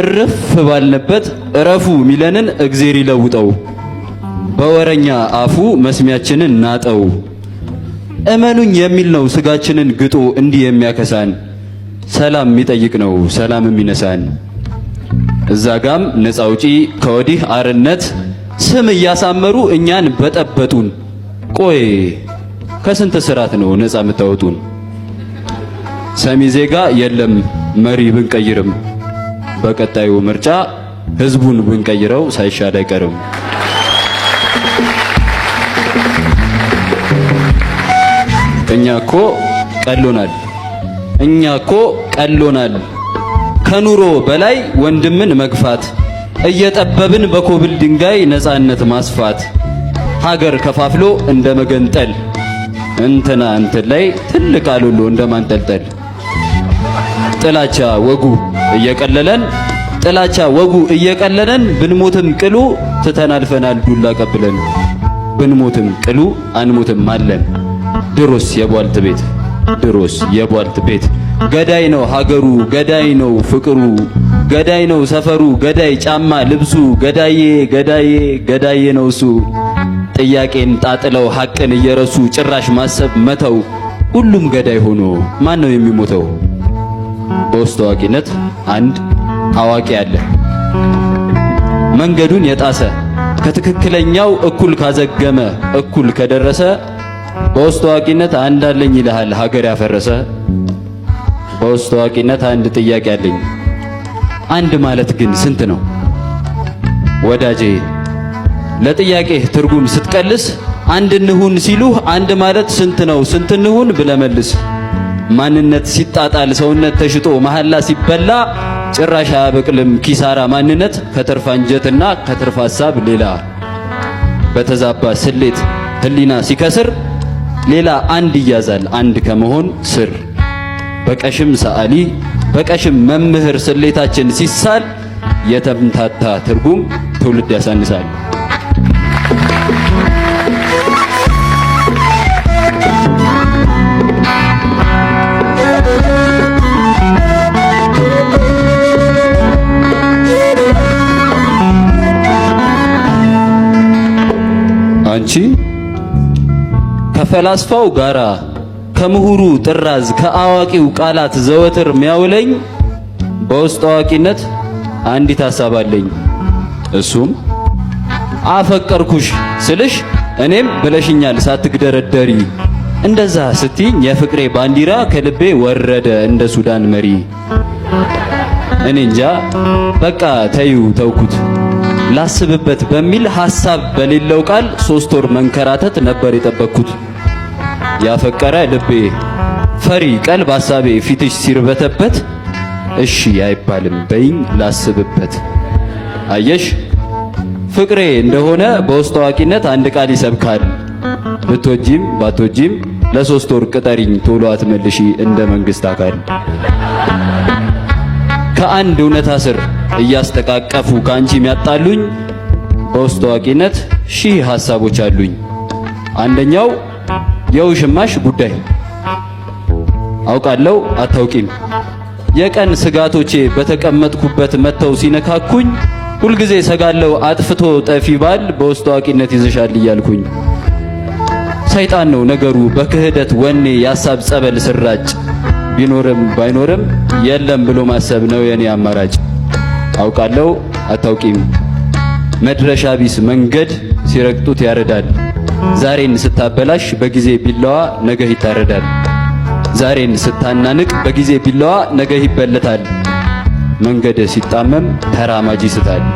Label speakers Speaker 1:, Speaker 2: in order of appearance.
Speaker 1: እርፍ ባልንበት እረፉ ሚለንን እግዜር ይለውጠው። በወረኛ አፉ መስሚያችንን ናጠው። እመኑኝ የሚል ነው ስጋችንን ግጦ እንዲህ የሚያከሳን ሰላም የሚጠይቅ ነው ሰላም የሚነሳን። እዛ ጋም ነፃ አውጪ ከወዲህ አርነት ስም እያሳመሩ እኛን በጠበጡን። ቆይ ከስንት ስራት ነው ነፃ የምታወጡን? ሰሚ ዜጋ የለም መሪ ብንቀይርም በቀጣዩ ምርጫ ህዝቡን ብንቀይረው ሳይሻል አይቀርም። እኛ እኮ ቀሎናል፣ እኛ እኮ ቀሎናል። ከኑሮ በላይ ወንድምን መግፋት እየጠበብን በኮብል ድንጋይ ነፃነት ማስፋት ሀገር ከፋፍሎ እንደ መገንጠል እንትና እንትን ላይ ትልቅ አሉሎ እንደ ማንጠልጠል ጥላቻ ወጉ እየቀለለን ጥላቻ ወጉ እየቀለለን ብንሞትም ቅሉ ትተን ዱላ ቀብለን ብንሞትም ቅሉ አንሞትም አለን ድሮስ የቧልት ቤት ድሮስ የቧልት ቤት ገዳይ ነው ሀገሩ ገዳይ ነው ፍቅሩ ገዳይ ነው ሰፈሩ ገዳይ ጫማ ልብሱ ገዳዬ ገዳዬ ገዳዬ ነው እሱ ጥያቄን ጣጥለው ሐቅን እየረሱ ጭራሽ ማሰብ መተው ሁሉም ገዳይ ሆኖ ማን ነው የሚሞተው? በውስጥ ታዋቂነት አንድ አዋቂ አለ። መንገዱን የጣሰ ከትክክለኛው እኩል ካዘገመ እኩል ከደረሰ በውስጥ ታዋቂነት አንድ አለኝ ይልሃል። ሀገር ያፈረሰ በውስጥ ታዋቂነት አንድ ጥያቄ አለኝ። አንድ ማለት ግን ስንት ነው ወዳጄ? ለጥያቄህ ትርጉም ስትቀልስ አንድ እንሁን ሲሉህ አንድ ማለት ስንት ነው? ስንት እንሁን ብለመልስ ማንነት ሲጣጣል ሰውነት ተሽጦ መሐላ ሲበላ ጭራሽ አያበቅልም ኪሳራ። ማንነት ከተርፋ አንጀትና ከተርፋ ሀሳብ ሌላ በተዛባ ስሌት ህሊና ሲከስር ሌላ አንድ ይያዛል አንድ ከመሆን ስር በቀሽም ሰዓሊ በቀሽም መምህር ስሌታችን ሲሳል የተምታታ ትርጉም ትውልድ ያሳንሳል። ውጪ ከፈላስፋው ጋራ ከምሁሩ ጥራዝ ከአዋቂው ቃላት ዘወትር ሚያውለኝ በውስጥ አዋቂነት አንዲት ሐሳብ አለኝ። እሱም አፈቀርኩሽ ስልሽ እኔም ብለሽኛል ሳትግደረደሪ እንደዛ ስትኝ የፍቅሬ ባንዲራ ከልቤ ወረደ እንደ ሱዳን መሪ። እኔ እንጃ በቃ ተይው ተውኩት። ላስብበት በሚል ሐሳብ በሌለው ቃል ሶስት ወር መንከራተት ነበር የጠበቅኩት። ያፈቀረ ልቤ ፈሪ ቀልብ ሐሳቤ ፊትሽ ሲርበተበት እሺ አይባልም በይኝ ላስብበት። አየሽ ፍቅሬ እንደሆነ በውስጥ አዋቂነት አንድ ቃል ይሰብካል። ብትወጂም ባትወጂም ለሶስት ወር ቅጠሪኝ ቶሎ አትመልሺ እንደ መንግስት አካል ከአንድ እውነታ ስር እያስጠቃቀፉ ከአንቺ የሚያጣሉኝ በውስጥ ታዋቂነት ሺህ ሐሳቦች አሉኝ። አንደኛው የውሽማሽ ጉዳይ አውቃለሁ አታውቂም። የቀን ስጋቶቼ በተቀመጥኩበት መጥተው ሲነካኩኝ ሁልጊዜ ሰጋለው አጥፍቶ ጠፊ ባል በውስጥ ታዋቂነት ይዘሻል እያልኩኝ ሰይጣን ነው ነገሩ በክህደት ወኔ የሀሳብ ጸበል ስራጭ ቢኖርም ባይኖርም የለም ብሎ ማሰብ ነው የኔ አማራጭ። አውቃለሁ አታውቂም መድረሻ ቢስ መንገድ ሲረግጡት ያረዳል። ዛሬን ስታበላሽ በጊዜ ቢላዋ ነገህ ይታረዳል። ዛሬን ስታናንቅ በጊዜ ቢላዋ ነገህ ይበለታል። መንገድ ሲጣመም ተራማጅ ይስታል።